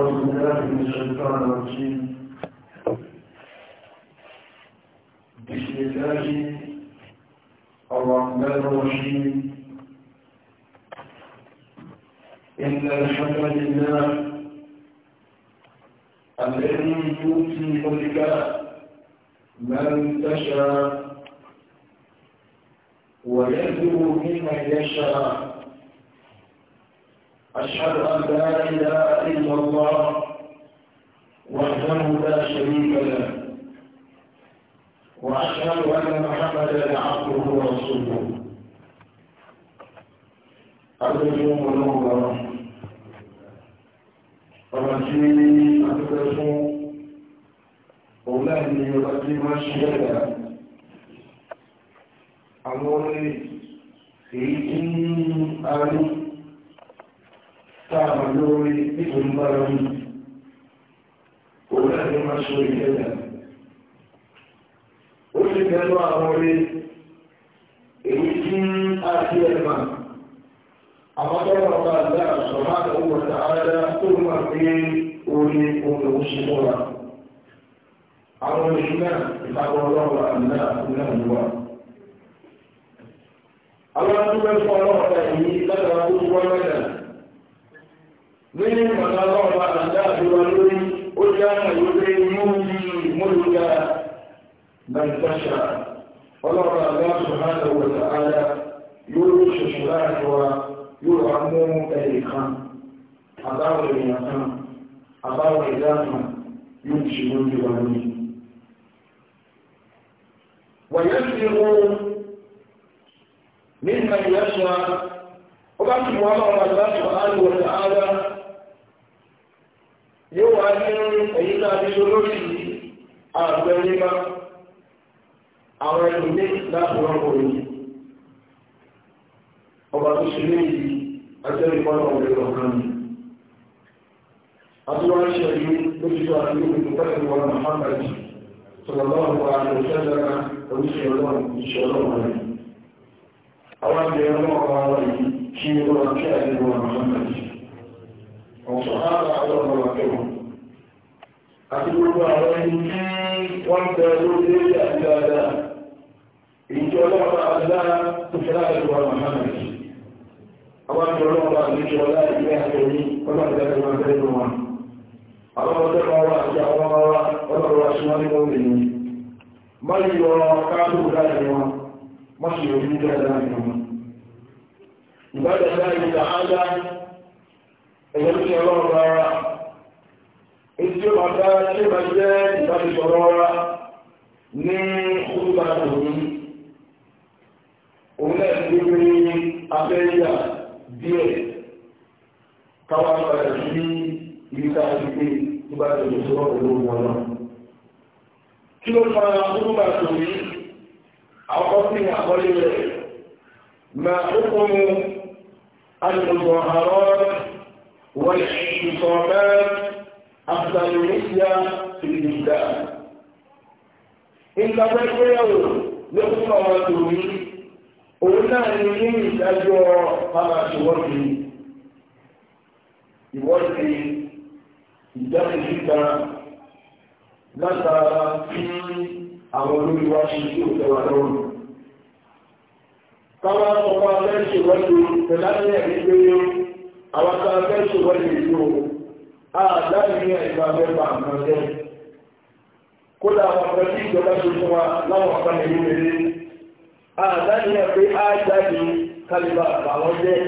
أعوذ بالله من بسم الله الرحمن الرحيم إن الحمد لله الذي يؤتي ملكه من تشاء ويذكر ممن يشاء أشهد أن لا إله إلا الله وحده لا شريك له وأشهد أن محمدا عبده ورسوله أرجو منورا فرجي أتدرسوا أولادي يقدم الشهادة أموري في دين أريد táàmà lórí nítorí bára wù kò láti máa ṣe ìjẹ́dà ó sì tẹ́lú àwọn orí èyí tí a ti ẹ̀mà àwọn tọ́wọ́ ọba àgbà nínú ìmọ̀lá ọlọ́run bá àdá àdúrà lórí ó jẹ́ àmà ìwé múlùmí múlùmá nàìjíríà ọlọ́run àdá sùhánà wọ̀tà àdá yóò ló ṣoṣo láàrin wa yóò wá mú ẹnì kan àbáwọ̀ èèyàn kan àbáwọ̀ ìdá kan yóò ṣe lórí wa ní. wọ̀nyẹ́ sí ohun mímọ̀ ìyẹ́sọ̀ ọba tí wọ́n lọ́wọ́ àdá sùhánà wọ̀tà àdá yóò wá ní èyí náà ní olórí yìí àgbẹ̀ nípa àwọn ẹlòmíì láti wọn kò ní. ọba tó ṣe léyìí ajẹ́rì pọ́nà ọ̀rẹ́ ọ̀kan ni. àtúwọ́n ṣe yìí lójútó àti olùkọ́ pẹ̀lú wọn Muhammad sallallahu alaihi wa sallam oníṣẹ́ ọlọ́run iṣẹ́ ọlọ́run rẹ̀. àwọn àgbẹ̀ ọlọ́run ọba wọn yìí kí ó rọra kí àdéhùn Muhammad ọ̀sán ara àwọn ọmọ akẹ́kọ̀ọ́. Àti gbogbo àwọn ẹni tí wọ́n bẹ lórí ilé àti dáadáa. Ìjọ ọlọ́pàá aláà tó fẹ́ láti wà Màhánà. Àwọn àjọ ọlọ́pàá àlejò ọlá ìgbé àtẹ̀yìn ọlọ́pàá ìgbé àtẹ̀yìn wọn. Àwọn ọjọ́ kan wà àti àwọn ọmọ wa ọlọ́pàá wa súnmọ́ nínú ìlú. Má lè yọ ẹ̀yẹ́ tí ara, rárá etí ó bá tí ọrụ máa jẹ́ ìbánisọ̀rọ̀ wa ní kúrúbà tòun òun náà ti gbé abẹ́yà díẹ̀ káwá padà sí ibi tá a nígbà tó wọn kí ló fa àkọ́lé rẹ̀ máa ó والاعتصامات أحسن الرؤيا في الإبداع إن تبقوا لأخرى وتومي قلنا أن أجر على شوكي ìwọ́de ìdánisíta látara tí àwọn olórí wá ṣe tí ó tẹwà lọ́rùn. Káwá ọmọ abẹ́ṣe wọ́de pẹ̀láṣẹ́ ìgbéyẹ̀wó àwọn kan fẹ́ ṣòwò ìlú o àdáyé ní ẹ̀ka mẹ́fà kan jẹ́ kódà àwọn kan tí ìjọba ṣe fún wa láwọn kan lè wéré àdáyé ní ẹ̀fẹ́ àjáde kálíbà àwọn jẹ́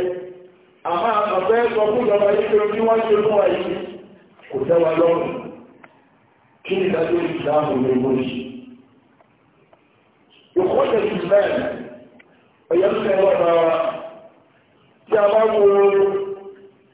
àmọ́ àwọn fẹ́ sọ fún ìjọba yìí pé bí wọ́n ṣe fún wa yìí kò tẹ́ wa lọ́rùn kí ni ìdájọ́ ìdáhùn lè wọ́n ṣe. ìkọ́jọ́ ìsìlẹ̀ ọ̀yẹ́ ń fẹ́ wọ́n bá wa tí a bá wo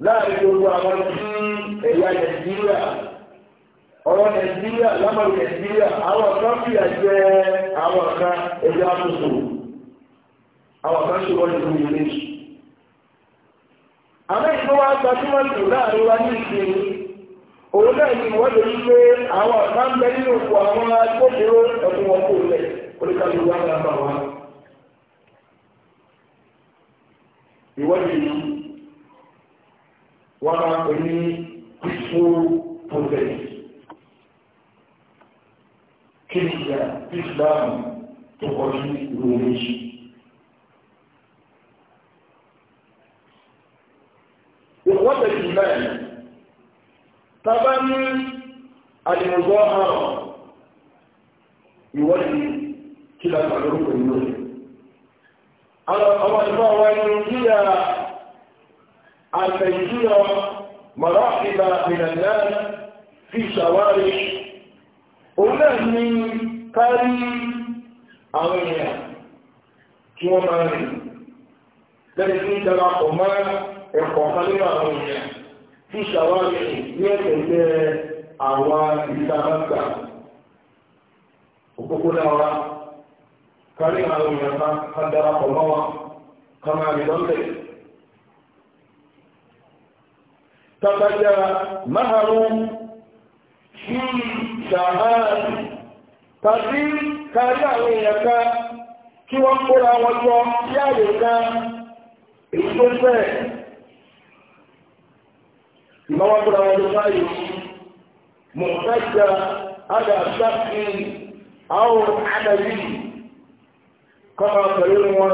láàrin gbogbo àwọn tí ẹ̀yà nàìjíríà ọ̀rọ̀ nàìjíríà lámàlú nàìjíríà àwọn kan fìyà jẹ àwọn kan ẹ̀yà àtúntò àwọn kan ṣòro ìlú ìlú àmọ́ ìgbọ́ wa láàrin wa ní ìsinmi òun náà ni wọ́n lè rí pé àwọn kan bẹ nínú òkú àwọn agbófinró wọn kò lẹ̀ wa ìwọ́n yìí wọ́n máa pè ní peaceful protest kí ni ìyá islam tó kọjú ìlú méjì wọ́n tẹ̀sí bẹ́ẹ̀ tábà ní àdìmọ̀gbọ́ àrùn ìwọ́dìí kí lápá lórúkọ ìlú rẹ̀ àwọn ọmọ ìfọ́ wọn ní kíyà أن تجدون مراحل من الناس في شوارش، ونهني كاري أغنيا كما مالي لكن ترى قما إخواني أغنيا في شوارش، يتجدون àwọn ìsàmọ́gbà òpópónà wa kárí àwọn ìyàmá ká darapọ̀ mọ́ تبدا مهر في شهاد tàbí kárí àwọn èèyàn kan kí wọ́n kóra wọn jọ sí àyè kan èyí tó fẹ́ ìmọ̀wá kóra wọn jọ sáyè mọ̀tẹ́jà adàṣàkì àwọn àdàbí kọ́mọ pẹ̀lú wọn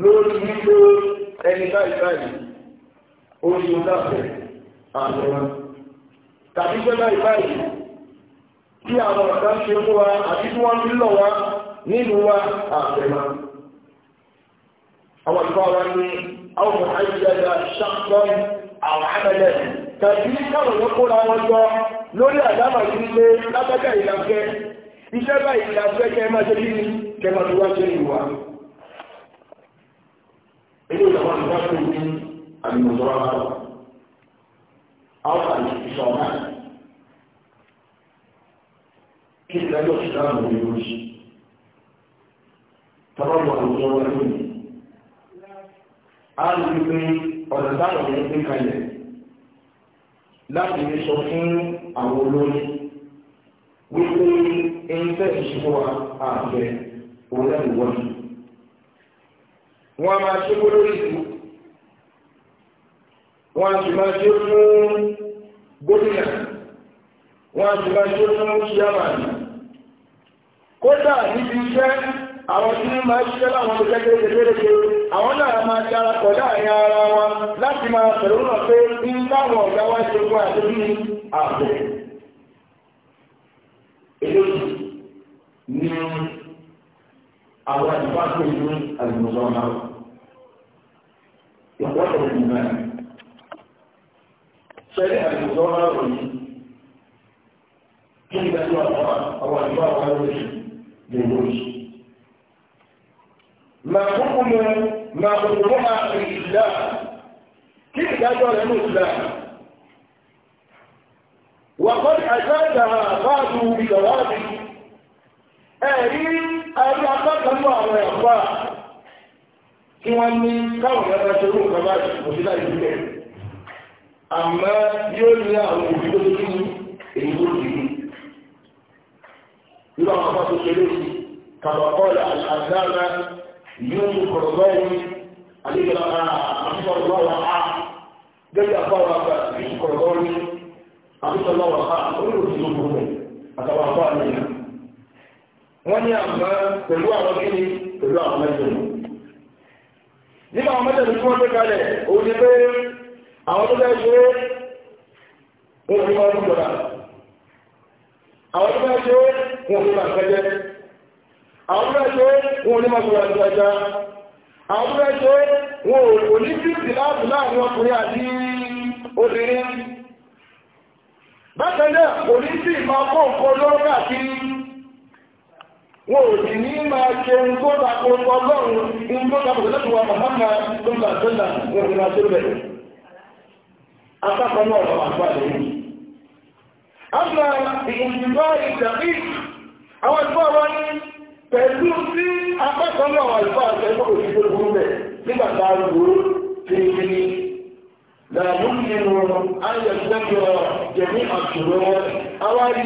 lórí wípé ẹni báyìí báyìí ó ní dáfẹ́. àmìrán tàbí gbẹ́gbà ìbáyìí tí àwọn ọ̀dá ṣe mú wa àti tí wọ́n ń lọ wa nínú wa àfẹ́mà àwọn ìfọ́ ní àwọn àìjẹ́dà ṣàkọ́n àwọn tàbí káwọn wọn lórí àdámà sí ilé ìlàfẹ́ iṣẹ́ ìlàfẹ́ ṣe wá ṣe ìwà ilé ní àwọn àìsíṣọ́ náà kí o ìsìláàmù ní orí tọ́lọ́mù àwùjọ wọn lónìí a lè rí pé ọ̀nà táwọn ènìyàn gbé kalẹ̀ láti lè sọ fún àwọn olórí wípé ẹni tẹ́ ìṣòro àfẹ́ òun lẹ́nu wọ́n. wọ́n a máa ṣe gbólórí ìlú wọ́n á máa ṣe fún gómìnà wọ́n á máa ṣe fún ṣíyàmàní kódà níbi iṣẹ́ àwọn tí wọ́n máa ṣiṣẹ́ láwọn ọmọ kékeré kékeré àwọn náà máa ṣe ara pọ̀ láàrin ara láti máa pẹ̀lú náà pé ń láwọn ọ̀gá wá ṣe fún ààbò eléyìí àwọn ìlú sẹ́rí àdìjọ́ márùn yìí kí ìdájọ́ rẹ̀ ní àbáàdù Ẹ̀rí apákanú àwọn kí wọ́n ní káwọn àmọ́ yóò ní àwọn òbí tó lójú ní èyí tó dì í irú àwọn afọ́ tó ṣeré sí kàbàkọ́lá àdáná yóò mú kọ̀rọ̀gbọ́ yìí àlejò àtúntọ̀rọ̀gbọ́ wà á gẹ́gẹ́ àfọwọ́ àgbà yóò kọ̀rọ̀gbọ́ ní àtúntọ̀rọ̀gbọ́ wà á olóòtú ló burú mẹ́ àtàwọn afọ́ àlejò wọ́n ní àmọ́ pẹ̀lú àwọn kíni pẹ̀lú àwọn mẹ́jọ nígbà àwọn mẹ́jọ ní wọ́n gbé kalẹ̀ òun ni pé àwọn tó bẹ́ẹ̀ ṣe wọ́n fi máa ń àwọn tó bẹ́ẹ̀ ṣe wọ́n fi máa àwọn tó bẹ́ẹ̀ ṣe wọ́n ní máa gbọ́dá àwọn tó bẹ́ẹ̀ ṣe wọ́n ò láàbù láàrin ọkùnrin àti obìnrin bákan náà kò máa kó nǹkan lọ́rọ́ káàkiri wọn ò sì ní máa ṣe apákan náà lọ́wọ́ àgbàdo yìí. àmà ìyìnbá ndị àwọn ìgbọ́ wa ní pẹ̀lú sí apákan náà àlùfáà àtẹ́kọ̀ọ́ òṣìṣẹ́ burú bẹ̀ nígbà a لا يمكن أن يستجر جميع الشرور أو أن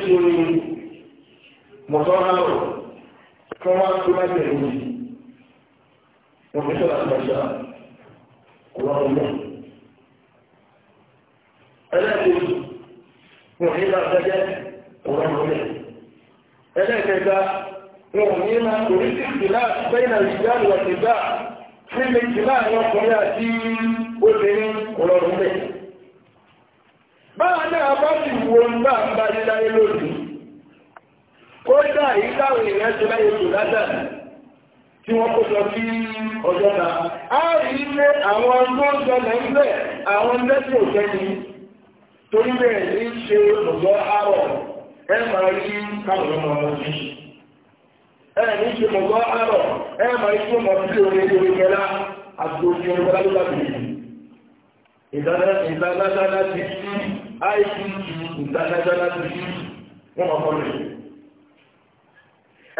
yìí kí wọ́n wá tó bá jẹ̀ lórí wọn fi sọ̀rọ̀ àgbàṣà kò wá wọn lọ. ẹlẹ́kùn wọn ní máa gbẹ́jẹ́ kò wá wọn lọ. ẹlẹ́kẹta wọn ní máa torí títí náà bẹ́ẹ̀ náà ìjà lọ sí gbà sí méjì láàrin ọkùnrin àti obìnrin kò wá wọn lọ. báwa náà bá sì wo ń ń bá yín láyé lónìí. kódà yìí láwọn èèyàn ṣe láyé tò látàrí tí wọ́n kó sọ sí ọjọ́ a rí ilé àwọn lóòjọ́ lẹ́gbẹ̀ àwọn lẹ́sìn òjẹ́ni torí bẹ́ẹ̀ ní ṣe ọ̀dọ́ àrọ̀ ẹ máa rí káwọn ọmọ ọmọ sí ẹ ní ṣe ọ̀dọ́ àrọ̀ ẹ máa rí fún ọmọ sí orí orí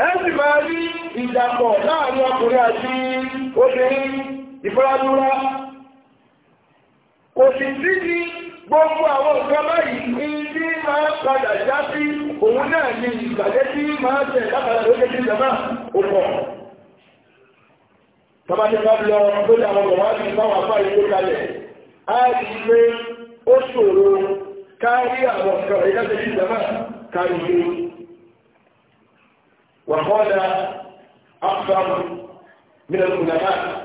ẹ̀sì máa rí ìdàpọ̀ láàrin ọkùnrin àti obìnrin ìfọ́lábúrá kò sì sí ní gbogbo àwọn nǹkan báyìí ní bí máa padà já sí òun náà ní ìgbàdé tí máa tẹ̀ látara lókè sí ìjọba òpọ̀ tọ́bátẹ́ bá lọ lórí àwọn ọmọ wájú báwọn afá ìlú kalẹ̀ á rí i pé ó ṣòro وقال أكثر من العلماء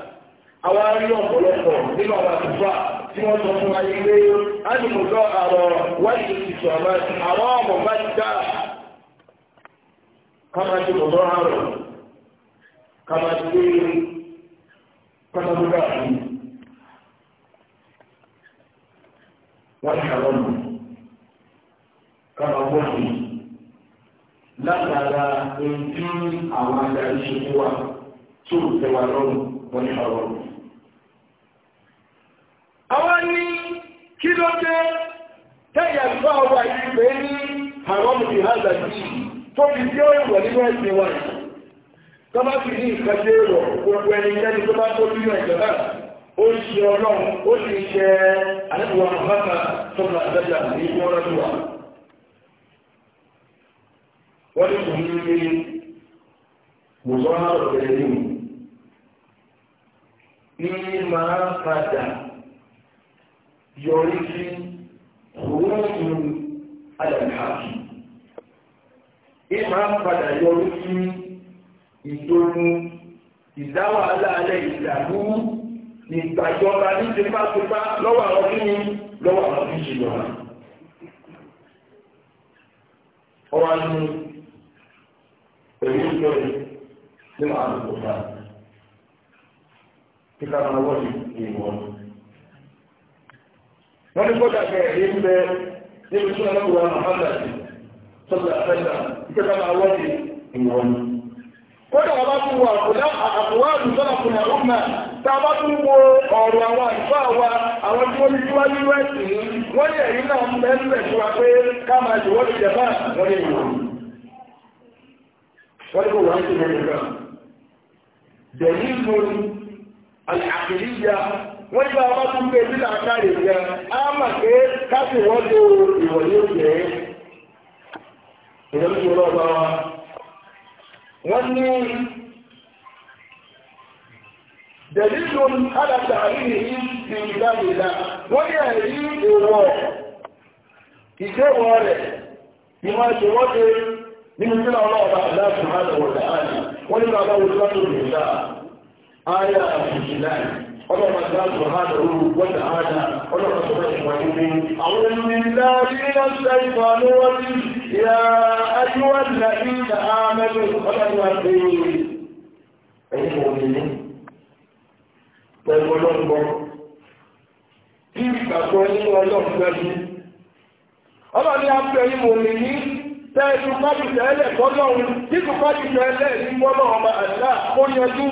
àwọn yóò ọ̀pọ̀lọpọ̀ nínú àwọn àtúfà tí wọ́n sọ fún ayé pé a ní kò lọ àrọ̀ wáyé ìsọ àwọn ọmọ bá ti dá kámájú kò lọ àrọ̀ kámájú pé kámájú bá fi wọ́n ti àrọ̀ mọ̀ kámájú wọ́n fi látara ẹ̀ńtí àwọn adarí ṣe fún wa tó tẹwà lọ́rùn wọn ní ọ̀rọ̀. àwa ní kí ló dé tẹ̀yà tó àwa yìí pé ní àwọn ọmọdé hàzà yìí tó fi tí ó wọ̀ nínú ẹ̀sìn wa yìí tọ́ba sì ní ìkàdé rọ̀ gbogbo ẹnikẹ́ni tó bá tó bí ìjọba ó ṣe ọlọ́run ó sì ṣe àlẹ́bùwà mọ̀fáàmà tó ń lọ àdájà ní ìwọ́rọ́dúnwà wọ́n ní kò ní ní mùsọ́nà ọ̀rẹ́ ní ní máa padà yọrí sí rúùmù alàmìhàkì ní máa padà yọrí sí ìdógún ìdáwà aláàlẹ́ ìdàmú ìgbàjọba ní tipátipá lọ́wọ́ àwọn kíni lọ́wọ́ àwọn kíni ṣe lọ́wọ́. ọ̀rọ̀ àdúgbò pẹ̀lú ìlọrin nínú àdúgbò náà kíkà máa wọ́n ti ìwọ̀. wọ́n ní kódà bẹ́ẹ̀ ní ń bẹ Muhammad sọ́dọ̀ àfẹ́sà kíkà máa wọ́n ti ìwọ̀. kódà wọ́n bá tún wọ àkùdá àkùwá àdúgbò kùnà ọ̀gbà tá a bá tún wo farko wa yake mai magana dalilun al'aqliya wọ́n bá wá tún bẹ́ẹ̀ nílà káàrí gan á mà pé káàkì wọ́n tó ìwọ̀nyí òkè wa wọ́n ní dalilun alàtà àríyìn yìí ti nínú tí náà ọlọ́ọ̀bá aláàfin aláwọ̀dá àlè wọ́n nínú àbáwọ̀ tó wájú rẹ̀ dá ayá àfìsìlá ọlọ́ọ̀bá aláàfin aláwọ̀ wọ́dà àlà ọlọ́ọ̀bá tó wájú wájú pé àwọn ènìyàn nílá ṣe ìfàánú wọ́n ní ìyá ayúwàlá ìlà àmẹ́lú ọlọ́ọ̀bá pé ẹ̀yìn òmìnir pẹ̀lú ọlọ́ọ̀bọ̀ tí ìgbàgbọ́ nínú tẹ́ẹ̀lú kọ́bìtẹ̀ ẹlẹ̀ fọ́lọ́run nínú kọ́bìtẹ̀ ẹlẹ̀ ní wọ́lọ́ ọmọ àdá ó yanjú.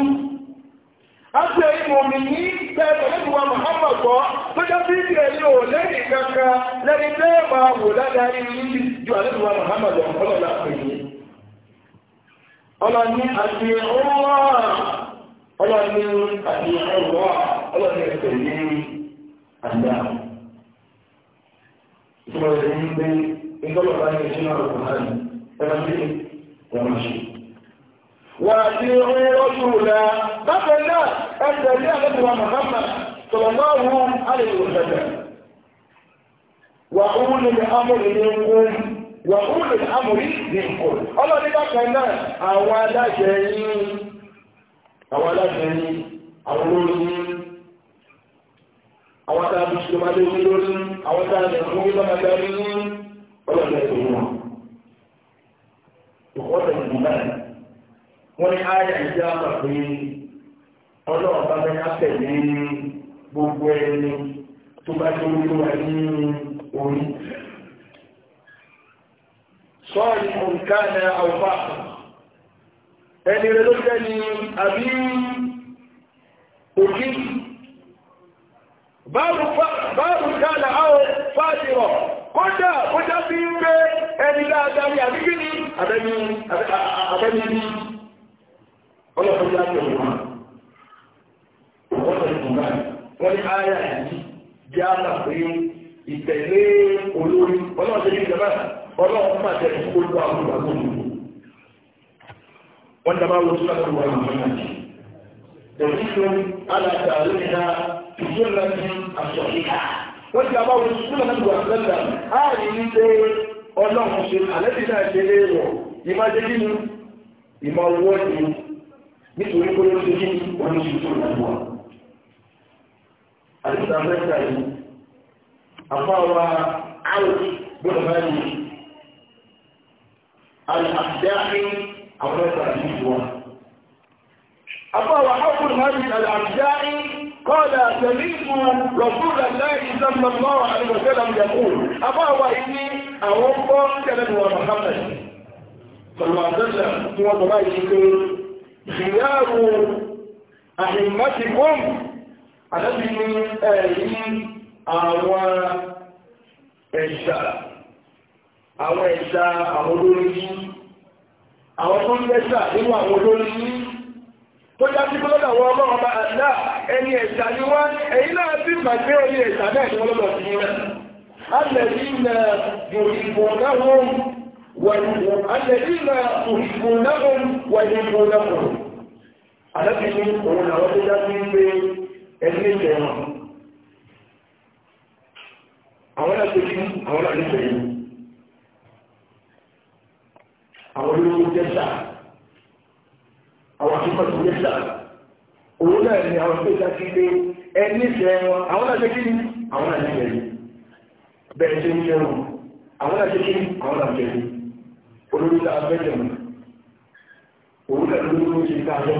a ṣe ìmòmí ní tẹ́ẹ̀lẹ̀ ìtọ́lọ̀ bá ní ìṣúná ọ̀pọ̀ náà ẹran sí wọn ṣe. wà á ti rí oṣù rẹ̀ bákan náà ẹsẹ̀ ní àlejò wa Muhammad sọ̀rọ̀ náà wú àlejò ìṣẹ̀lẹ̀. wà á wú ní amòrì ní nkú wà á wú ní àwọn aláṣẹ yín àwọn aláṣẹ yín àwọn olórí àwọn tá ṣe máa lé orí lórí àwọn tá a lè fún bí ọlọ́dẹ tó yẹ wọn. ìkọ́sẹ̀ ìdìbò yẹn wọ́n ní ayé ìdí àmà pé ọlọ́run bá fẹ́ àtẹ̀lé gbogbo ẹni tó bá tó lé wa ní orí. sọ́ọ̀lì òǹkàdà àwùfà ẹni rẹ̀ ló jẹ́ ni àbí òkè báàrù kàdà àwọn fàdìrọ̀ kódà kódà fi ń pé ẹni dáadáa ní àbíkí ni abẹ́ni abẹ́ni ní ọlọ́pàá yá tó wà wọ́n ti bá wọ́n ní ayé àyè bí a máa pé ìtẹ̀lé olórí ọlọ́run ti ní ìjọba ọlọ́run máa tẹ̀lé olú àwọn ìgbàgbọ́ òdòdó wọ́n dábàá wọ́n tún láti wà lọ́wọ́ náà tẹ̀lé ìṣòro alàgbà lónìí náà ìṣòro láti aṣọ ìka ó ti àbá wọn súnmọ́ náà wà lẹ́tà áàrí ní pé ọlọ́run ṣe àlẹ́bí náà ṣe lé wọ̀ ìmọ̀ ṣe kí ni ìmọ̀ owó ti nítorí pé ó ṣe kí ni wọ́n ti tó lọ́wọ́ àdúgbò amẹ́ta yìí àfáwa áwòrán gbọ́dọ̀ báyìí àdáhìn àwọn ẹ̀ka àdúgbò wa àfáwa áwòrán máa ń ṣe àdáhìn ولا تليق رسول الله صلى الله عليه وسلم يقول أبا وإني أوقع كلمة محمد صلى الله عليه وسلم هو ضمائك خيار أهمتكم àdábìnrin ẹ̀rí àwọn ẹ̀ṣà àwọn ẹ̀ṣà àwọn olórin yìí àwọn tó ń lẹ́ṣà nínú àwọn olórin yìí tó já sí pé lọ́dọ̀ wọn ọlọ́run bá àdá ẹni ẹ̀ṣà ni wọ́n èyí náà sì mà gbé orí ẹ̀ṣà náà ni wọ́n lọ́dọ̀ sí rẹ̀ alẹ́dínà yòrìbùnáhùn wẹ̀yìnbùnáhùn alábìnrin òun làwọn tó já sí pé ẹni ìjẹun àwọn alábìnrin àwọn alábìnrin àwọn àwọn àtúntò tó yẹ sáà òun náà ni àwọn tó dájú pé ẹni ìfẹ́ wọn àwọn náà ṣe kí ni àwọn náà ṣe yẹn bẹ́ẹ̀ ṣe ń yẹrù àwọn náà ṣe kí ni àwọn náà ṣe yẹn olórí ta abẹ́jẹ̀ mọ́ òun náà ló ló ṣe ká lọ.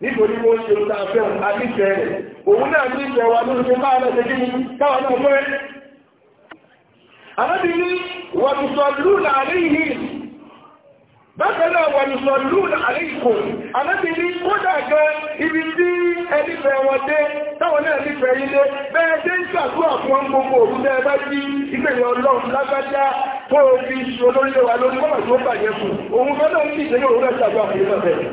nítorí wọ́n ṣe ta abẹ́ wọn a ti fẹ́ òun náà ti fẹ́ wa ló ṣe máa náà ṣe kí ni káwọn náà fẹ́. àbẹ́bí ni wọ́n ti sọ lúùlà àríyìn bákanáà wà ní sọ̀lún àríkò alábìnrin kódà gan ibi tí ẹlífẹ́ wọn dé táwọn náà nífẹ́ ilé bẹ́ẹ̀ dé ń sàtúwà fún gbogbo òun náà bá jí ìgbẹ̀yàn ọlọ́run lágbájá kó o fi olórílẹ̀ wa lórí kọ́mà tó bàjẹ́ fún òun fẹ́lọ́ ń dìde ní òun náà sàtúwà fún ilé bẹ́ẹ̀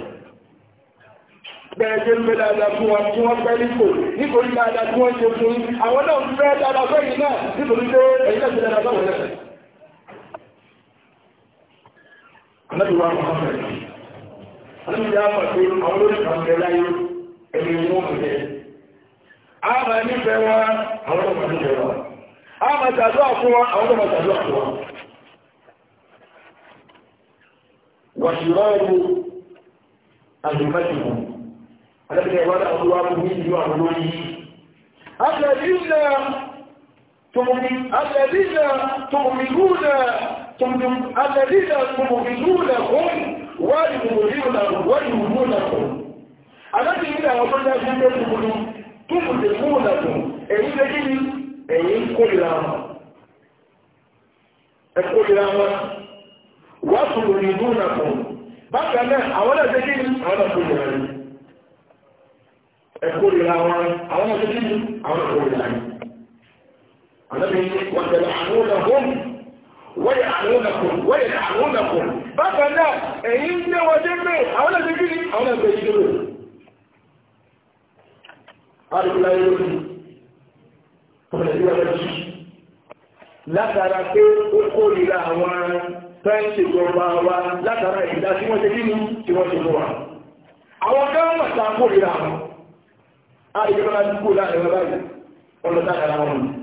bẹ́ẹ̀ ń bẹ dáadáa fún wa tí wọ́n pẹ́ nípò nítorí dáadáa tí wọ́n ṣe fún àwọn náà ń fẹ́ dáadáa fẹ́yìn náà nítorí pé ẹ̀yìn náà ti dáadáa báwọn lẹ́fẹ̀ẹ́ anábìwá muhammed anábìwá pàtó àwọn olórí kan bẹ láyé ẹni wọn kò jẹ a máa nífẹ̀ẹ́ wa àwọn ọmọ nífẹ̀ẹ́ wa a máa tàdúrà fún wa àwọn ọmọ tàdúrà fún wa wàṣìrọ́ọ̀rù àjùmọ́jùmọ́ alábìnrin ìwádà olúwa mú ní ìlú àwọn olóyìn yìí تنتم الذين تمهزونهم ويمهزونكم الذي إلى أمنا جنبكم تمهزونكم èyí lẹ́jí ni èyí ń kórìíra wọn ẹ kórìíra wọn wà sùúrù ní ìlú nàkùn bákan náà àwọn náà lẹ́jí ni àwọn náà kórìíra ni ẹ kórìíra wọn àwọn náà lẹ́jí ni àwọn náà kórìíra ni àlọ́bí wọn tẹ̀lé àwọn náà wọ́yẹ̀ àrúnàkùn wọ́yẹ̀ àrúnàkùn bákan náà èyí ń gbé wọ́n dé pé àwọn ẹgbẹ́ gírí àwọn ẹgbẹ́ yìí lórí arúgbáyé lórí ọ̀rẹ́dẹ́gbẹ́jì látara pé ó kórìíra àwọn fẹ́ǹsì gbọmọ wa látara ìdá tí wọ́n ṣe kí ni tí wọ́n ṣe lọ́wọ́ àwọn gẹ́rọ̀mọ̀ ta kórìíra àwọn arúgbáyé lórí ọ̀rẹ́dẹ́gbẹ́jì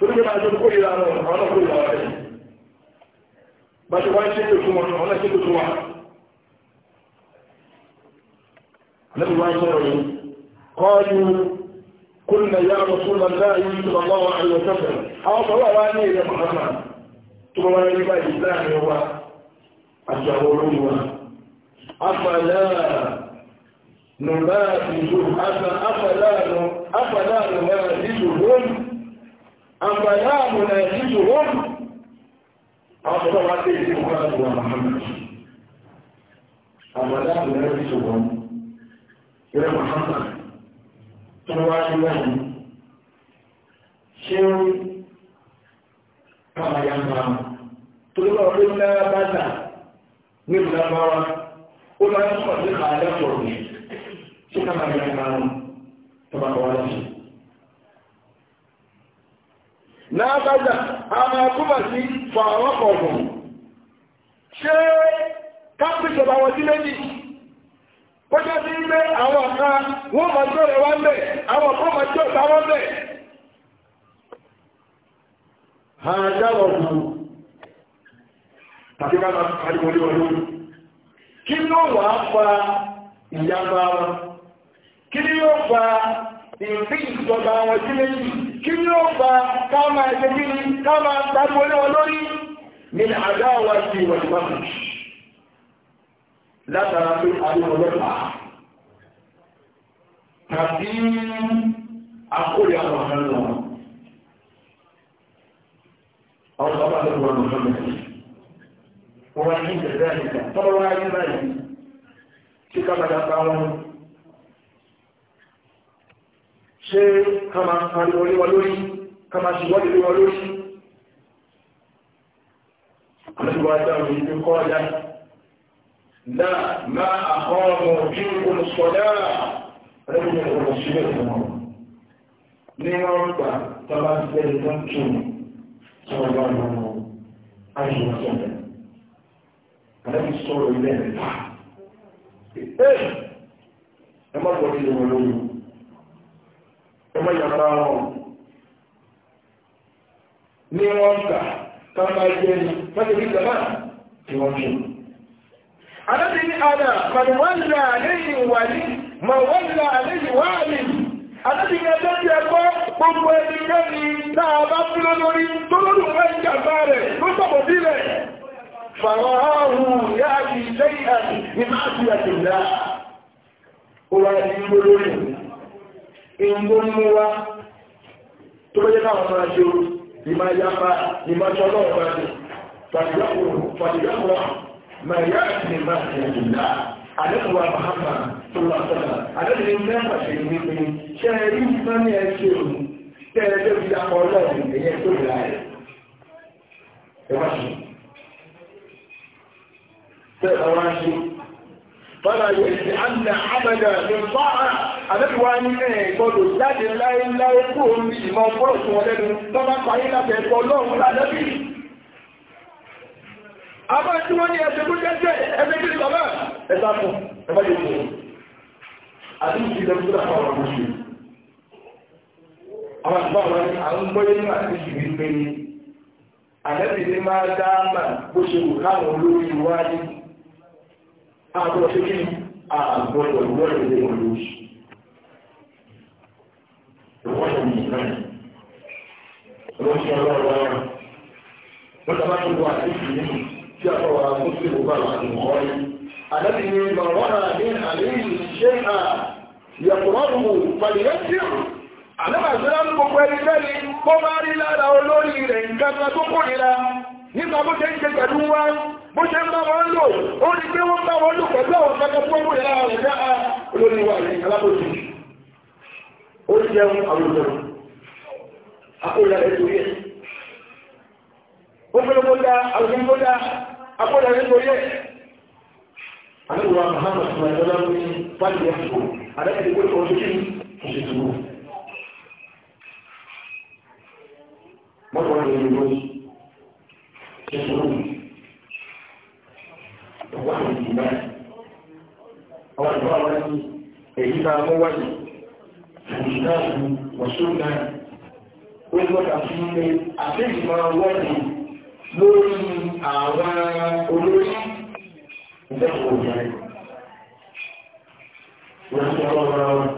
tó ní máa jẹ́ kó ìlà rẹ̀ àwọn náà kó ìlà rẹ̀ bá ṣe wá ń ṣe tó fún wọn àwọn náà ṣe tó fún wa lẹ́bi wá ń sọ̀rọ̀ yìí kọ́ọ̀lù kúlùmẹ̀ yá lọ fún lọ́dá yìí tó ní ilẹ̀ mọ̀ọ́mà tó bá wà ní báyìí láàrin wa àǹbàyá àmùnà ìlú wọn àwọn tó wá sí ìlú wọn láti wà Muhammad àǹbàyá àmùnà ìlú wọn ìrẹ Muhammad tó wá sí wọn ṣé ó kàmà yà máa tó lọ rí náà bá dà ní ìlú lábáwá ó lọ sí ọ̀sẹ̀ kàdá pọ̀ ní ṣé kàmà yà lábájá a máa túnbà sí ṣe kápìsọ̀ wọ́n sí méjì kọjá sí ilé àwọn ọ̀ká wọ́n máa tó rẹ̀ wá bẹ̀ àwọn ọ̀kọ́ máa tó ọ̀tá wọ́n bẹ̀ àjáwọ̀ ọ̀gbọ̀n kí ló wà fa kí ni ó fa káàmà ẹgbẹ́ kí ni káàmà gbogbo ní olórí ní àdáwà sí ìwọ̀dìmọ́kù látara pé àwọn ọlọ́pàá tàbí akóyà ọ̀hán lọ ọlọ́pàá tó wọ́n ayé báyìí tí kábàdà bá wọn ṣé ká máa pariwo lé wọn lórí ká máa ṣùgbọ́n lé wọn lórí àṣùwà dáhùn ìlú kọ́ọ̀dá náà máa àkọ́ọ̀mù bí olùsọ̀dá rẹ̀mí olùsílẹ̀ fún wọn ní wọ́n gbà tọ́lá ti bẹ́ẹ̀ tó ọmọ yàrá wọn ní wọ́n kà kápá jẹ́ ní mọ́tẹ̀bí gaba tí wọ́n ṣe adájọ́ ní àdá màwọ́lá àléyìn wà ní màwọ́lá àléyìn wà ní adájọ́ ní ẹjọ́ ti ẹ̀kọ́ gbogbo ẹni kẹ́ni náà bá fúlọ́ lórí tó lọ́dún wọ́n ìjàmbá rẹ̀ ló sọ̀bọ̀ sílẹ̀ fàwọ́hù yáàbí lẹ́yìn àti ìmáàbí àtìlá ó wá ní gbólórí ìrùngbó mú tó bẹ́jẹ́ káwọn máa ṣe ìmá yapa ìmá ṣe ọlọ́run máa ìlà àdẹ́kùnwà mahama tó wà sọ́nà àdẹ́kùnrin mẹ́fà ṣe ní pé ṣe rí mọ́ní òun ẹ̀yẹ tó àbẹ́bí wá ní ẹ̀ gbọdọ̀ jáde láéláé kú omi ìmọ̀ ọgbọ́rọ̀ tí wọ́n lẹ́nu tó bá parí láti ẹ̀kọ́ lọ́run lálẹ́bí. àbá tí wọ́n ní ẹsẹ̀ tó jẹ́jẹ́ ẹgbẹ́ kí ni bàbá ẹ̀ta fún ẹgbẹ́ yóò fún un. àti ìdí ilẹ̀ tó dáa fún àwọn àwọn àgbà wọn ni à ń ìwọ́n ní ìlànà wọ́n ṣe ọlọ́wọ́ wọn wọ́n dábàá tó wà ní ìlú tí a bá wà fún sí ìwọ́n bá wà ní wọ́n yìí. àdàbí ni bàbá mi àlẹ́ ìṣe à yàtọ̀rọ̀rù pàdéyàtì àdàbàṣẹ́lá ń gbogbo ẹni bẹ́ẹ̀ni kó máa rí lára olórí rẹ̀ nǹkan kan tó kórìíra nípa bó ṣe ń ṣe pẹ̀lú wa bó ṣe ń bá wọn lò ó ní pé wọ́n bá wọn lò pẹ̀lú àwọn ó jẹun àwùjọ àkóyà rẹ̀ torí ẹ̀ ó fẹ́ mọ́dá àwùjọ mọ́dá àkóyà rẹ̀ torí ẹ̀ àdúrà Muhammad sọ̀rọ̀ lọ́wọ́ ní pàdé ẹ̀kọ́ àdáyé pé kò sí kí kò sí dúró mọ́tò rẹ̀ lọ́wọ́ ṣe sọ̀rọ̀ ọwọ́ àwọn ìgbìmọ̀ àwọn ìgbìmọ̀ àwọn èyí tá a mú ìdáàbò wọ̀ṣọ́gbà ó lọ́ta sí ilé àtẹ́jìmọ̀ wọ́ọ̀dì lórí àwọn olórí ìdẹ́kọ̀ọ́ obìnrin wọ́n ti ọlọ́run wọn.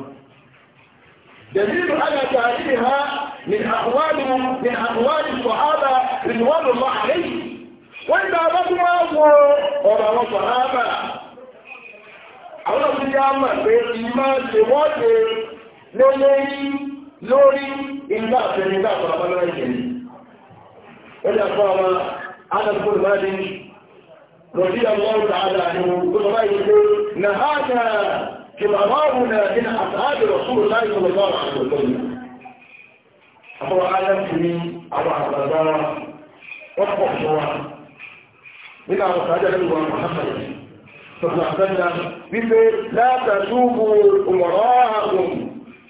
دليل على تاريخها من أقوال من أقوال الصحابة رضوان الله عليهم وإذا رضوا ọ̀rọ̀ àwọn صحابة àwọn ọ̀sìn yà máa pé ìmáa ṣe wọ́n ṣe lólérí lórí ìgbà àtẹnigbà àpapọ̀ lọ́rọ̀ ìjẹ̀lẹ̀ ẹ̀dà fún àwọn anàkùnrin máa ní rọ̀dí àwọn ọ̀rọ̀ àdánù tó bá yìí pé na ha na kìbàmáwù na iná àtàádì rọ̀súrù láì sọ̀rọ̀ lọ́rọ̀ àtọ̀lọ́rọ̀ àwọn alákùnrin àwọn àgbàgbà wọ́n pọ̀ fún wa nígbà àwọn sàájà lẹ́nu wa Muhammad sọ̀rọ̀ àtẹ́jà wípé látàdúgbò òmọ̀rọ̀ àkùnrin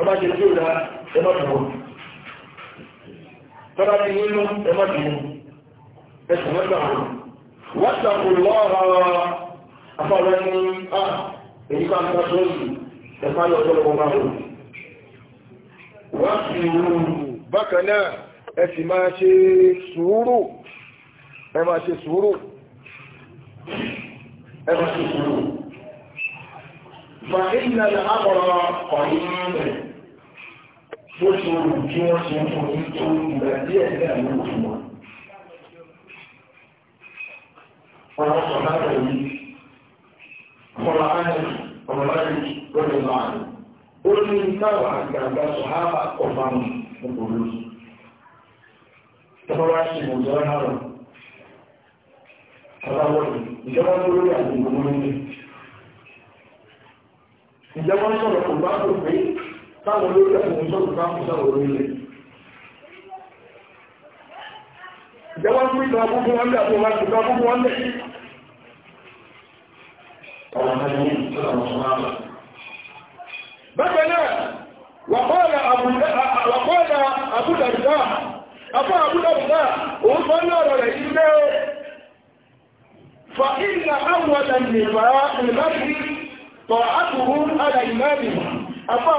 ọba ṣe tí ó dá ẹmọ́dùnmọ́ tọ́lá ti nínú ẹmọ́dùnmọ́ ẹ̀sùn mẹ́gbàmọ́ wọ́tàkù lọ́ọ̀rọ̀ afọ́lẹ́ ah, ní à èyí bá ń bá tó yìí ẹ̀fà yọ ọjọ́ lọ́wọ́ máa wọ́n sì rú bákan náà ẹ sì máa ṣe sùúrù ẹ máa tó kí wọ́n ṣe ń fún ní tó ìgbà díẹ̀ ní àmì òfin wọn. Ọ̀rọ̀ láti rí ọ̀rọ̀ ayé ọ̀rọ̀ lọ́dọ̀ máa Ó ní táwọn àgbààgbà sọ̀hábà ọ̀fà mi nípòlú. Tọ́lá wá ṣe ìmọ̀jọ́ náà rọ̀. Tọ́lá wọ̀lú ìjọba tó lórí àgbègbè lórí. Ìjọba sọ̀rọ̀ kò bá kò pé táwọn olórí ẹ̀kùn sọ́rọ̀ bá ń sọ̀rọ̀ orílẹ̀ ìjọba ń pín ọgbọ́gbọ́ wọn lẹ́ àwọn àti ọgbọ́gbọ́ wọn lẹ́ bákan náà wàkọ́ọ̀dà àbúdàbùdà afọ́ àbúdàbùdà òun sọ ní ọ̀rọ̀ rẹ̀ ilé fa ìlà àwọn ọ̀dà ìlú ìbára láti tọ̀ àtùrú àdà ìmáàbì afọ́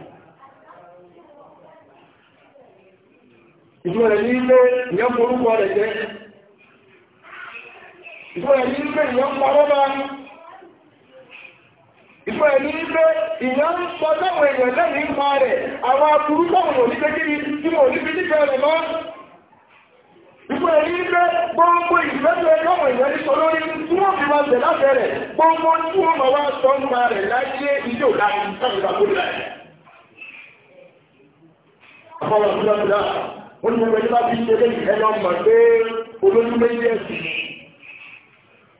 ìtumọ̀ rẹ̀ ní ilé ìyẹn forúkọ rẹ̀ jẹ́ ìtumọ̀ rẹ̀ ní ilé ìyẹn parọ́ bá ní ìtumọ̀ rẹ̀ ní ilé ìyẹn sọ táwọn èèyàn lẹ́yìn ń pa rẹ̀ àwọn aburú táwọn òní kékeré tí mo ní fi nífẹ̀ẹ́ rẹ̀ mọ́ ìtumọ̀ rẹ̀ ní ilé gbogbo ìfẹ́fẹ́ táwọn èèyàn ní sọ lórí tí wọ́n fi máa tẹ̀ láti rẹ̀ gbogbo tí wọ́n máa wá sọ nípa rẹ̀ láyé ilé òdà ní sábà olùgbẹ̀gbẹ̀ yìí bá fi ṣe lẹ́yìn ẹ̀yọ́ mọ̀ pé olójú méjì ẹ̀sìn ni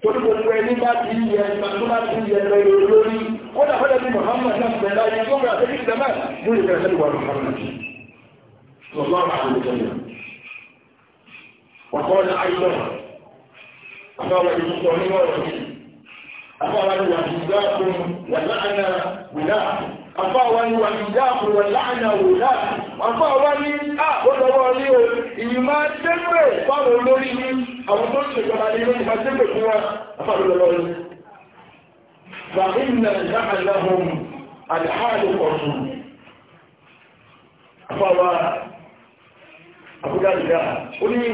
torí gbogbo ẹni bá ti yẹ ẹ̀ma tó bá ti yẹ ẹ̀ma èrò lórí ó dà fẹ́lẹ́ bí Muhammad náà bẹ̀rẹ̀ láyé tó bẹ̀rẹ̀ àti kíkì dẹ́mẹ̀ ní ìfẹ́ sẹ́ni wà Muhammad lọ́wọ́ àwọn ìjọba wọ́n kọ́ ní àìsàn àbáwọ̀ ìṣòro onímọ̀ àfáwa ni wà ní dáàbò wà láàrin àwòrán àfáwa ní àbọ̀lọ́wọ́ ní o ìyìnbá dẹ́gbẹ̀ fáwọn olórí ní àwọn tó ń ṣèjọba ní ló ń bá dẹ́gbẹ̀ fún wa àfáwọlọ́wọ́ ní. فإن لعلهم الحال قرصون àfáwa àbúdáríga ó ní ẹ̀rí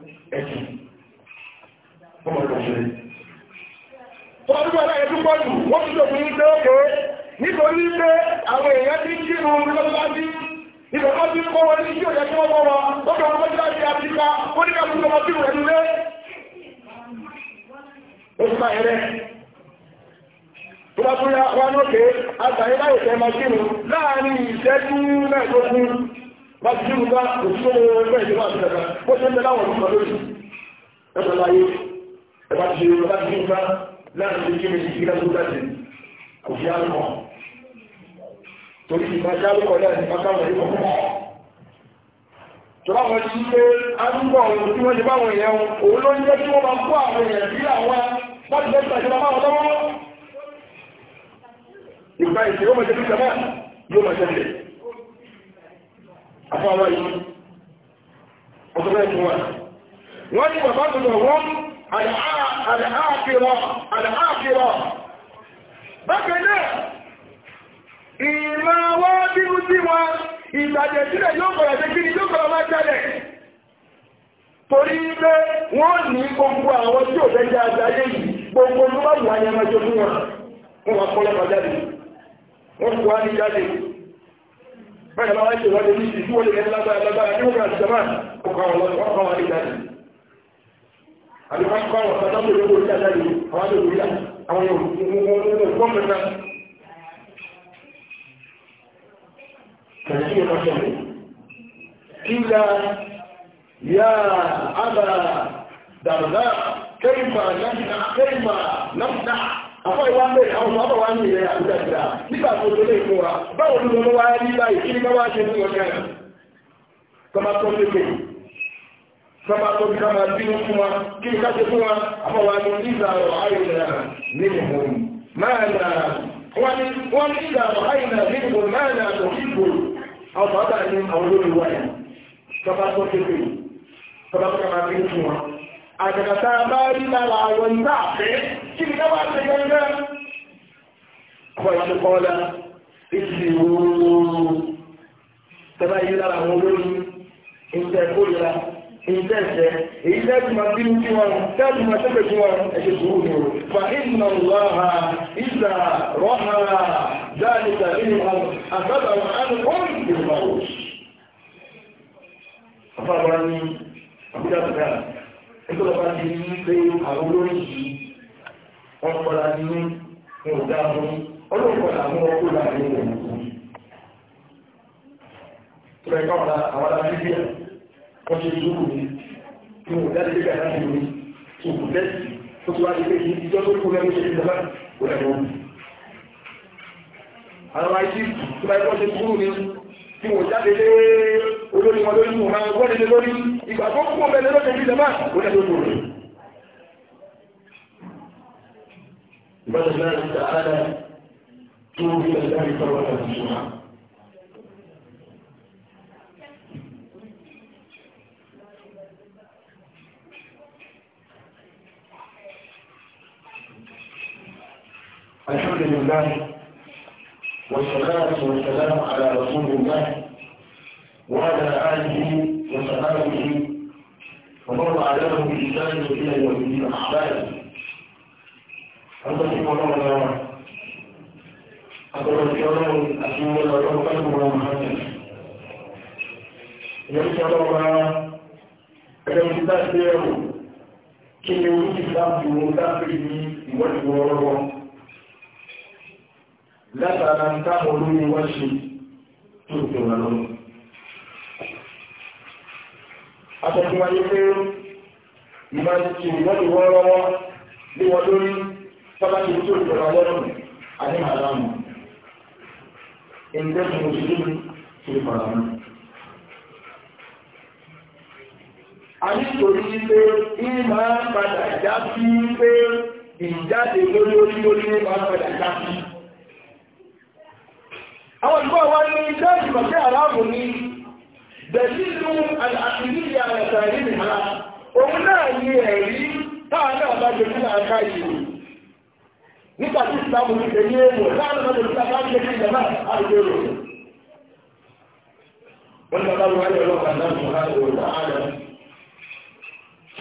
ẹ̀sìn ọmọ ìgbàṣẹ́ tó ọdún bọ́lá ẹ̀dún pọ̀jù wọ́n ti lò fún ìgbẹ́ òkè nítorí pé àwọn èèyàn ti ń kírun lọ́lọ́dí ìbẹ̀ wọ́n kọ́ bá ti dínú bá òṣìṣẹ́ ẹgbẹ́ ìjọba àti ìjọba bó ṣe ń bẹ láwọn olùkọ́ lórí ẹgbẹ́ láyé ẹgbà ti ṣe bá ti dínú bá láàrin ilé kíni sí ìlànà tó dájú kò fi àlùkọ́ torí ìgbà sí àlùkọ́ náà ní pàtàkì ìkọ̀ tọ́lá wọn ti ṣe àdúgbò ọ̀rọ̀ tí wọ́n ti bá wọn yẹn òun ló fi jẹ́ yóò máa ṣẹlẹ̀ àfọwọ́ yìí ọ̀tọ́gbẹ́ fún wa wọ́n ní bàbá tó lọ wọ́n náà sí wọn ìgbàjẹ̀ sílẹ̀ yóò kọ̀rọ̀ sí kí ni yóò kọ̀rọ̀ máa jálẹ̀ torí pé wọ́n ní gbogbo àwọn tí ò fẹ́ jẹ́ àgbáyé yìí gbogbo ló bá wà ní ẹmọ́jọ́ fún wọn wọ́n wà kọ́lọ́pàá jáde wọ́n kọ́ فانا ما قلت له مش الدول اللي لا بقى لا بقى نوجع وقال وقال الله عليه ذلك هذه ما قال وقدم له يقول لا ذلك فهذا يقول لا أو يقول لا يقول لا كثير مجمع يا أبا درداء كيف نمنع كيف نمنع àpọ̀ ìwà ń bèèrè àwọn ọmọ wa ń bèèrè àbúdàbúdà nígbà tó tó lè fún wa báwo ni wọn wá rí báyìí kí ni wọn wá ṣe fún ọjà yẹn kọmá tó lè pè kọmá tó bí kọmá bínú fún wa kí ni ká ṣe fún wa àpọ̀ wa ní ìgbà ọ̀rọ̀ ayélujára nínú òun máa nà wọn ní wọn ní ìgbà ọ̀rọ̀ ayélujára nínú òun máa nà àtọ̀ ìbò àwọn bàbá ní àwọn olórí kí ni dábàá ṣe gẹ́gẹ́ kọ́ ìṣe kọ́lá ìṣe wòó tẹ́lá yìí lára àwọn olórí ìṣe kórìíra ìṣe ẹ̀ṣẹ̀ èyí tẹ́ẹ̀tì máa bínú sí wọn tẹ́ẹ̀tì máa tẹ́ẹ̀tì sí wọn ẹ̀ṣẹ̀ sùúrù ni o fa ìnà lọ́ha ìṣà rọ́ha dáadìta nínú àwọn àgbàdo àwọn àdúgbò ìgbìmọ̀ àfàbọ̀rọ̀ ni àbújá ọ̀pọ̀lá ni mí mo dá mú ọlọ́pọ̀lá mú ọkọ̀ là ní ìlú. Tọ́lá ẹ̀ka ọ̀la àwọn ará Bíbíà wọ́n ṣe sùúrù mi tí mo dá lébẹ̀ láti mi tí mo lẹ́sì tó ti wá ní pé kí ìjọ tó kú lẹ́nu ṣe ti lọ́wọ́ kò lẹ́nu. Àwọn àìsí tó bá ẹ̀kọ́ ṣe sùúrù mi tí mo jáde lé olórí wọn lórí mo máa wọ́n lé lórí ìgbà tó kú ọ̀bẹ lọ́sẹ̀ bí kò lẹ́nu بل الله تعالى توفي ذلك توبة سبحانه الحمد لله والصلاة والسلام على رسول الله وعلى آله وصحابه ومن عليهم بإحسان إلى يوم الدين أحبابه àtọ́jú ọlọ́run lára àtọ́jú ọlọ́run àti ilé ọlọ́run pẹ̀lú ọmọ hàn ìyẹn tí ọlọ́run bá ẹgbẹ́ mi dá sí ẹ̀rù kí ni orí ìsáàbù dáfíì ní ìwọ́dìwọ́ ọlọ́wọ́ látara ń táwọn olóyìn wá ṣe tó tó wà lọ́wọ́ àtọ́jú wáyé pé ìbá ti ṣe ìwọ́dìwọ́ ọlọ́wọ́ lé wọn lórí sábà ní tí òjòrò alẹ́rùn àní àlámù ẹgbẹ́ tí mo ti dé ní ti fara mọ́. a ní torí pé ìmọ̀ padà já sí pé ìjáde lórí orí orí máa padà já sí. àwọn ìgbọ́ wa ní ìjọ́ ìgbàgbé aláàbò ní dẹ̀lílù àtìlíyà àtàrí nìkan òun náà ní ẹ̀rí táà náà bá jẹ́ fún àkáyé nígbà tí ìsìlámù ti tẹ̀lé èèmù láàrín ọdún tí a bá ń lé sí ìjọba àti èrò. wọ́n ti bá wọn ní ọlọ́pàá náà fún àwọn ọ̀dọ́ àná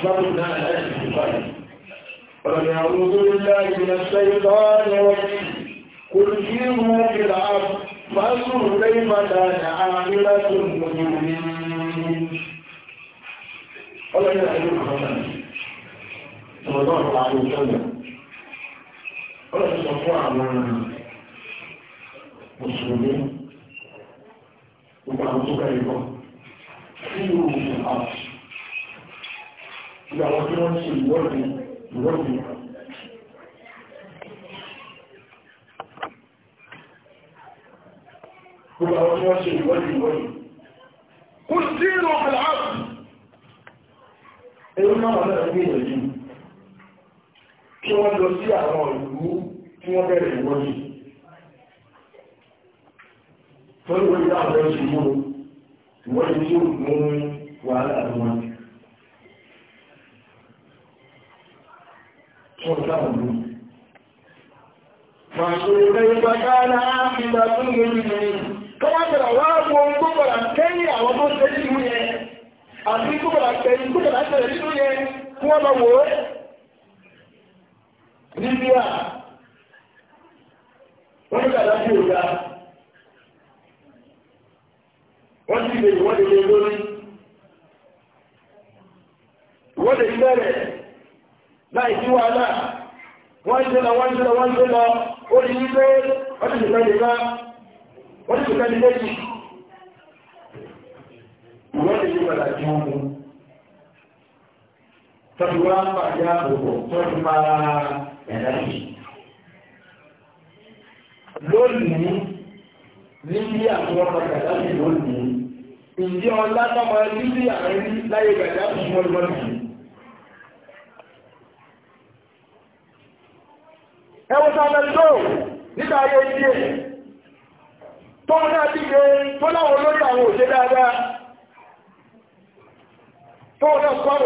ṣùgbọ́n náà láti fi báyìí. ọ̀rọ̀ àwọn olórí láàyè ní ṣe ìlọ́ ní wọ́n kò sí mú ìlà fásù lẹ́yìn padà ní àmìlá tó ń mú ní orí. ọlọ́yìn àti ìlú kan náà. ọ̀dọ́ ọ̀rọ̀ àwọn ìṣọ́nà. ọlọ́run sọ fún àwọn mùsùlùmí gbogbo àwọn tó bẹ̀rẹ̀ lọ sí ìròyìn àti ìgbà wọn tí wọ́n ṣe ìwọ́de ìwọ́de gbogbo àwọn tí wọ́n ṣe ìwọ́de ìwọ́de kò sí ìròyìn àti èyí náà wà láti gbé ìròyìn kí wọ́n lọ sí àwọn ìlú tí wọ́n bẹ̀rẹ̀ ìwọ́dì torí wọ́n yá àwọn ẹ̀ṣẹ̀ mú ìwọ́dì tí ó mú wàhálà tó wọn tí wọ́n sáwọn ìlú Àwọn tó ṣe ìlú yẹn, àti kúkọ̀lá tẹ̀yìn kúkọ̀lá tẹ̀yìn nínú yẹn, kí wọ́n lọ wòó Libya wọ́n ní kàdájú ìgbà wọ́n ti lè wọ́n lè lórí wọ́n lè bẹ̀rẹ̀ láì sí wàhálà wọ́n ṣe lọ wọ́n ṣe lọ wọ́n ṣe lọ ó lè ní wọ́n ti ṣùgbọ́n lè wọ́n ti ṣùgbọ́n méjì wọ́n lè ní kàdájú ọmọ tọ́jú wá pàdé àbòbò tọ́jú máa lónìí níbi àwọn ọmọ gàdáfì lónìí ìdí ọlá tọmọ ẹbí sí àwọn ẹbí láyé gàdáfì mọ́lọ́dì ẹwọ́n sáré tó nígbà ayé díẹ̀ tó náà ti gbé tó láwọn olórí àwọn òṣè dáadáa tó náà kọ́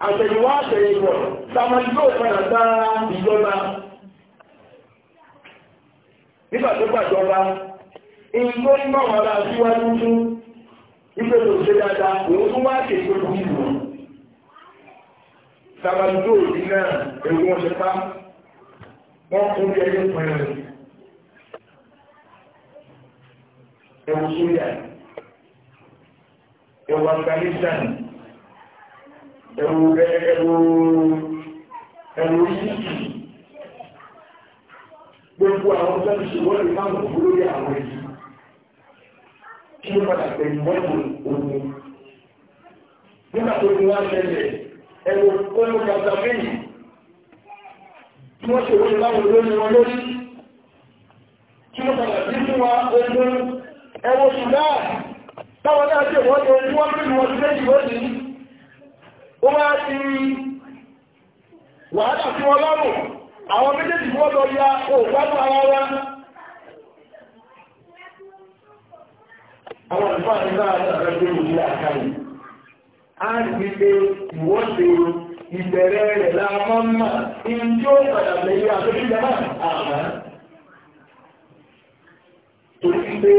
àtẹ̀yìnwá àtẹ̀yìnwọ̀ sáwọn yóò padà bá ìjọba nígbà tó gbàjọba ìgbó ń bá wọn láti síwájú tún ìgbé tó ṣe dáadáa òun tún wá kéèké tó ìlú sáwọn yóò rí náà ewu wọn ṣe pa wọn kún bí ẹni pẹ̀lú ewu Syria ewu Afghanistan ẹ̀rù ẹ̀rù yìí gbogbo àwọn tó ń ṣe wọ́n lè máa mọ̀ lórí àwọn èyí kí ó padà pẹ̀lú mọ́tò ogun nígbà tó ti wá ṣẹlẹ̀ ẹ̀rù kọ́lù kàtàkìnì tí wọ́n ṣe wọ́n lè máa mọ̀ lórí wọn lórí kí ó padà sí fún wa ogun ẹ̀wọ̀n ṣùgbọ́n táwọn náà ṣe wọ́n tó wọ́n ó wá ti wàhálà sí wọn lọ́rùn àwọn méjèèjì wọ́n lọ ya òògbádùn ara wa àwọn àlùfáà ní bá àtàrà gbé ìlú àkàlù á rí pé ìwọ́de ìbẹ̀rẹ̀ rẹ̀ láàmọ́ mà ní tí ó padà lẹ́yìn àtòkíjà náà àmà torí pé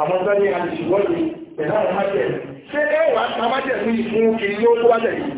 àwọn bá ní àlùfáà ní ìwọ́de pẹ̀lú àwọn májẹ̀ ṣé ẹwà àmájẹ̀ ní ìfún kiri yóò tó wájẹ̀ yìí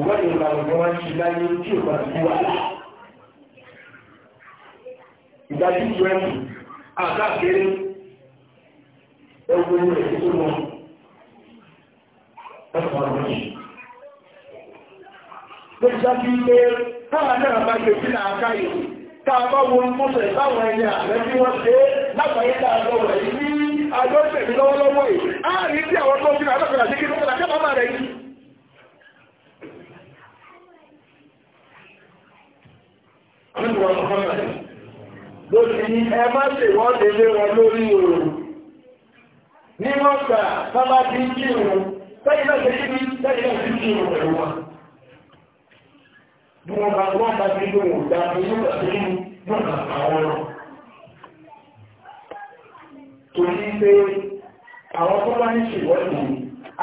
ìwádìí ìlànà tó wá ń ṣe láyé tí ò bá ti wà lá. ìdájú twenty àkàkiri ẹgbẹ́ rẹ̀ tó lọ ẹ̀fọ́ ọ̀rọ̀ yìí. ló ti dájú pé táwa náà bá ṣe sí làákà yìí táwa bá wo mọ́sẹ̀ táwọn ẹni àlẹ́ tí wọ́n ṣe lágbàáyé táà lọ́wọ́ yìí ní àjọ ìṣẹ̀lẹ̀ lọ́wọ́lọ́wọ́ yìí. a rí bí àwọn tó ń fi àdókòrò àti kí ló ń kọ́ra kẹ́ ọlọ́wọ́ Muhammad ló ti ní ẹ má ṣe wọ́de lé wọn lórí oòrùn ní wọ́n gbà sábà bí kírun sẹ́yìn náà ṣe kíbi sẹ́yìn náà ṣe kírun pẹ̀lú wọn. bí wọ́n bá wọ́n bá ti lò wọ́n dá ní yóò ṣe kí wọ́n bá àwọn lọ. torí pé àwọn tó bá ní ṣèwọ́de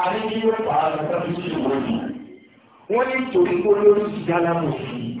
àní kí wọ́n fà á lọ́sàbí ṣèwọ́de wọ́n ní torí kó lórí ìdálámù sí i.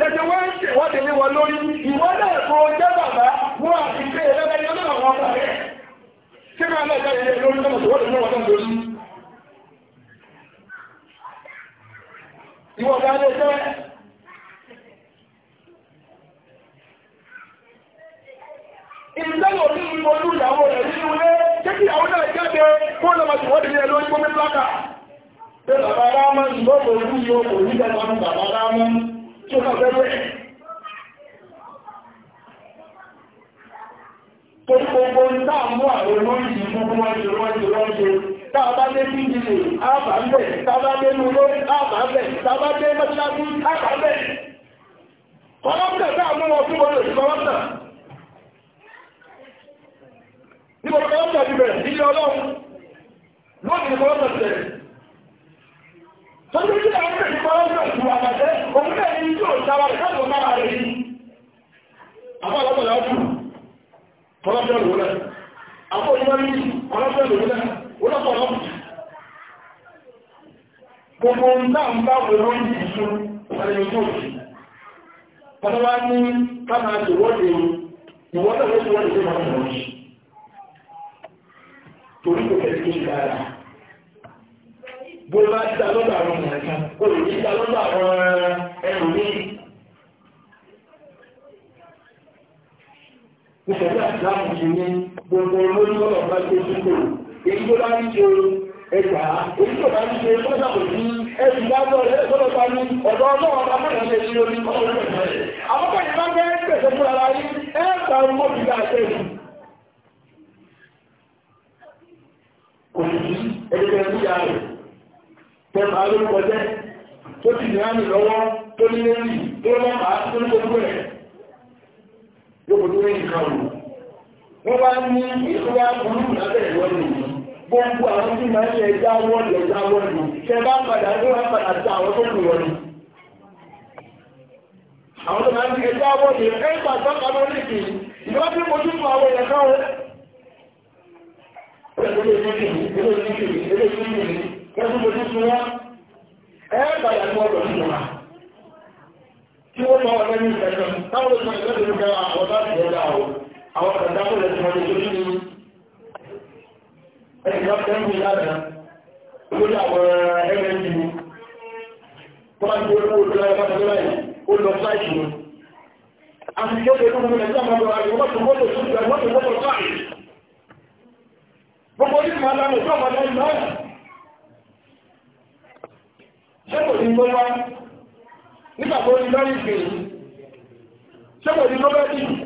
lẹ́jọ́ wọ́n ń ṣe ìwọ́de ní wọn lórí ìwọ́dẹ̀ ẹ̀kọ́ jẹ́ bàbá wọ́n àti pé ẹlẹ́gbẹ́ ní ọlọ́run wọn bá rẹ̀ ṣé máa lẹ́jọ́ ilé lórí lọ́mọ̀ tó wọ́dẹ̀ ní wọn lórí ìwọ̀n bá lẹ́jọ́ ẹgbà onígbò bá ń ṣe lọ́sàkó sí ẹbí lábọ́ ẹgbọ́dọ̀ bá ní ọ̀dọ́ ọlọ́wọ́ bá mọ̀ ní ẹni orí ọlọ́wọ́ àkọ́kọ́ yìí máa ń bẹ́ẹ̀ pèsè fún ara yín ẹgbà mọ́bí bá ṣe é kò ní sí ẹgbẹ́ ẹgbẹ́ ìyá rẹ̀ tẹ̀mà lórúkọ jẹ́ tó ti ní àmì lọ́wọ́ tó ní lẹ́yìn tó lọ́mà tó ní gbogbo ẹ̀ lóko tó lẹ́yìn kan wọ́n wá ní ìṣúra burú lábẹ́ gbogbo àwọn tí máa ń ṣe ẹja wọ́ọ̀lù ẹja wọ́ọ̀lù ṣe bá padà ní wọ́n padà sí àwọn tó kù wọ́ọ̀lù. àwọn tó máa ń ṣe ẹja wọ́ọ̀lù ẹ̀ ń pàṣẹ pàdé oríṣi ìjọba tí mo dúpọ̀ àwọn èèyàn náà wọ́n. ẹ ẹ̀sìn ọ̀pẹ́ ń gbé lánàá lórí àwọn mnd ni tó bá ti gbé owó tó láyé pátá lọ́la yìí ó lọ fáìtì ni àtijọ́ tó kún fún ẹ̀sìn àmọ́ àti mọ́tò mọ́tò tó gbà mọ́tò mọ́tò káàkiri gbogbo ní ìmọ̀ aláwọ̀ tó ọmọdé ń lọ́yà ṣé kò ní gbọ́wá nígbà tó ní lọ́yìn gbèrè ṣé kò ní lọ́yìn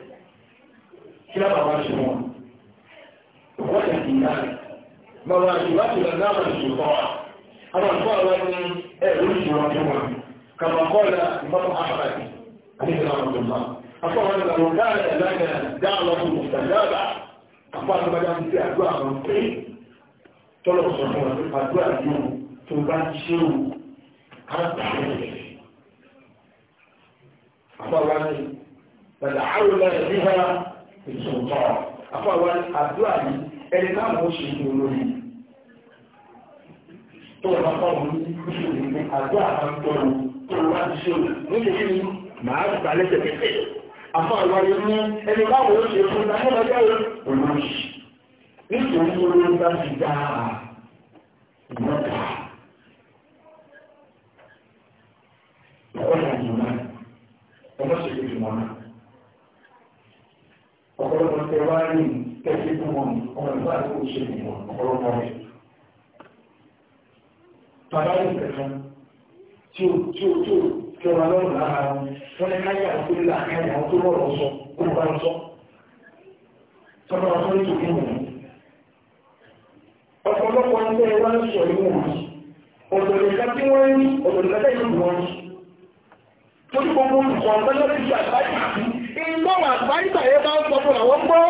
kí lábà wá ṣe wọn wọ́n ṣe kì í náà bàbá ìwà ti lọ náà ṣe kọ́ wa àwọn àgbà wa ní ẹ̀rọ ìṣòro fún wa kàmá kọ́lá ìmọ̀mọ́ àbàdì àti ìṣẹ̀lẹ̀ àwọn ọ̀dọ́mà àfọwọ́n ní àwọn dáàlà ìlànà dáàlà fún ìṣàlẹ̀ àpá àtúbájá ti àdúrà àwọn pé tọ́lọ̀ sọ fún wa nípa àdúrà yóò tó bá ṣe o á tà á ìtúntọ́ àfọwọ́ àdúrà yìí ẹni náà ló ṣe ní olórí tó wọ́n bá fọ́ọ̀mù ní kúṣù ní àdúrà máa ń tọ́lu tó wọ́n bá ti ṣe òun nílé kí ni màá gbà lẹ́sẹ̀kẹsẹ̀ àfọwọ́ yìí ní ẹni náà ló ṣe fún ní ọjọ́ olórí nítorí olórí bá ti dá ìmọ̀ta ọ̀pọ̀ ìrìnàjò náà ọmọ ṣèlú ìmọ̀ náà ọ̀pọ̀lọpọ̀ tẹ wá rí kẹ́sí fún wọn ọmọ ìgbà tó kò ṣe nìyàn ọ̀pọ̀lọpọ̀ rẹ̀. bàbá yìí kẹ̀kan tí ó tí ó tí ó kẹwàá lọ́rùn lára wọn wọn ní káyà tó lè àkáyà tó lọ́rọ̀ sọ kó bá sọ. tọ́lá wọn tó nítorí wọn. ọ̀pọ̀lọpọ̀ ń tẹ́ wá ń sọ ìwọ̀n yìí ọ̀dọ̀lẹ̀ká tí wọ́n rí ọ̀dọ̀lẹ̀ká tí wọ́n rí. tó ìgbọ́wà àgbáyìtà yẹ bá ń sọ fún àwọn gbọ́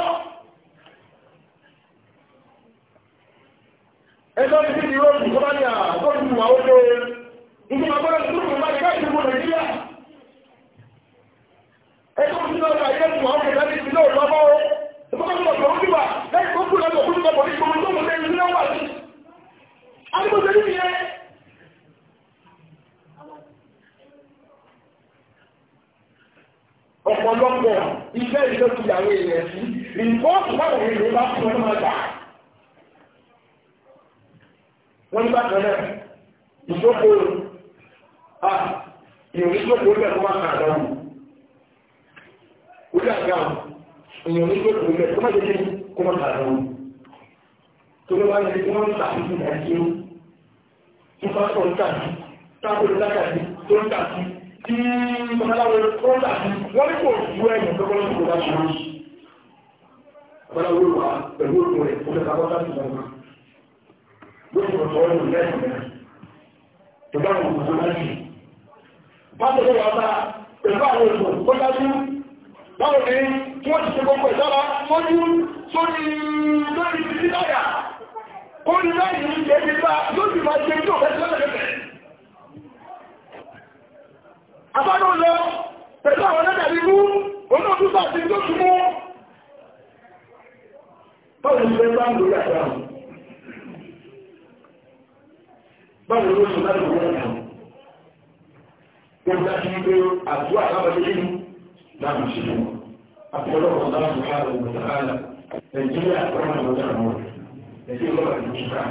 ẹjọ́ ti fi ìró ìjọ bá ní àgbọ́jú wà ó lé ìjọba gbọ́dọ̀ tó kù máa ká ìdìbò nàìjíríà ẹjọ́ ti lọ sí ayé ìwà ọkọ̀ láti fi lọ́ọ̀ lọ́wọ́ ìfọ́kànlọ́ ọ̀pọ̀ òjúwà lẹ́yìn tó kù lọ́pọ̀ òjúwà pọ̀ ọ̀pọ̀lọpọ̀ iṣẹ́ ìjọ ti yàwó èèyàn sí ìfọ́ọ̀sì báwọn èèyàn bá fún ọmọ ọjà. wọ́n nígbà kan náà ìjókòó à ìròyìn ìjókòó lẹ́kọ̀ọ́ máa kàn lọ́wọ́ orí àgbà ìròyìn ìjókòó lẹ́kọ̀ọ́ máa jẹ́ kó máa kàn lọ́wọ́ tó ló bá ń ṣe wọ́n ń tàbí ìdájí tó bá sọ̀rọ̀ tàbí tábìlì lákàtí tó ń tàbí tí babaláwo tó dàbí wọ́n ní kò ju ẹ̀yìn tó kọ́lọ́ tó bá ṣe rí. babaláwo wà pẹ̀lú òkú rẹ̀ ó fẹ́ kábọ́ láti bọ̀ wọn. ló ti sọ̀rọ̀ ní ìlú ẹ̀sìn rẹ̀ tó bá wọn kò tó láti. báwo ló wà bá pẹ̀lú àwọn òkú tó dájú báwo ni wọ́n ti ṣe gbogbo ìdára sójú sórí lórí títí abọ́dọ̀ lọ pẹ̀lú àwọn ẹ̀dàbí mú onóòtútà sí tó túnmú báwọn ìgbẹ́ bá ń lórí àjá báwọn ìgbẹ́ bá ń lórí àjá tó dájú pé àjọ àlábàdé ní láàrín ṣe àpọ̀lọpọ̀ láti ṣàrò ìgbàlá nàìjíríà rọ́nà lọ́jà àwọn ẹ̀sìn ìlọ́pàá ìjọba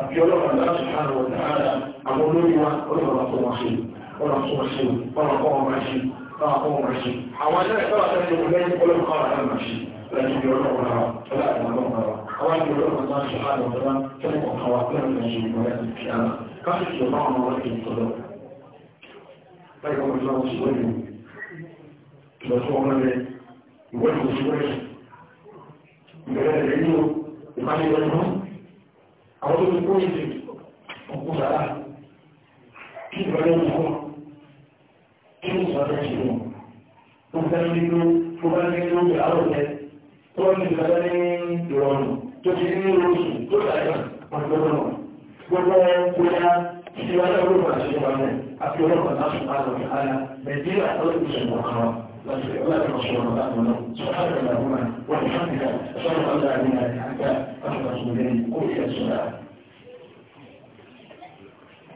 àpọ̀lọpọ̀ láti ṣàrò ìgbàlá àwọn olórí wa ọlọ́pàá tó wá ṣe ọ̀nà tó wọ́n ṣe ọ̀nà kọ́ wọn máa ṣe ọ̀nà kọ́ wọn máa ṣe àwọn ẹ̀ṣẹ́ ìṣẹ́ àti ẹ̀ṣẹ́ ìṣẹ́ ìṣẹ́ ìṣẹ́ ìṣẹ́ ìṣẹ́ ìṣẹ́ ìṣẹ́ ìṣẹ́ ìṣẹ́ ìṣẹ́ Ọkùnrin àrá, kí ìgbàlẹ́ ìwọ̀n kí ni ìṣọ̀rọ̀ ṣe mọ̀ tó fẹ́ nínú tó bá ní inú ìyàwó rẹ tó ní ìṣọ̀rọ̀ ní ìrọ̀rùn tó ti ní oṣù tó dàgbà wọn tó lọ́wọ́ gbogbo bóyá tí wọ́n lọ́wọ́ bá ṣe wà mẹ́ àti ọlọ́pàá náà sùn máa lọ sí ara nàìjíríà ọlọ́pàá sùn mọ̀ kan láti ọlọ́pàá sùn mọ̀ láti mọ̀ sọ́kàtà ìlànà wọn ni sọ́kàtà ìlànà àti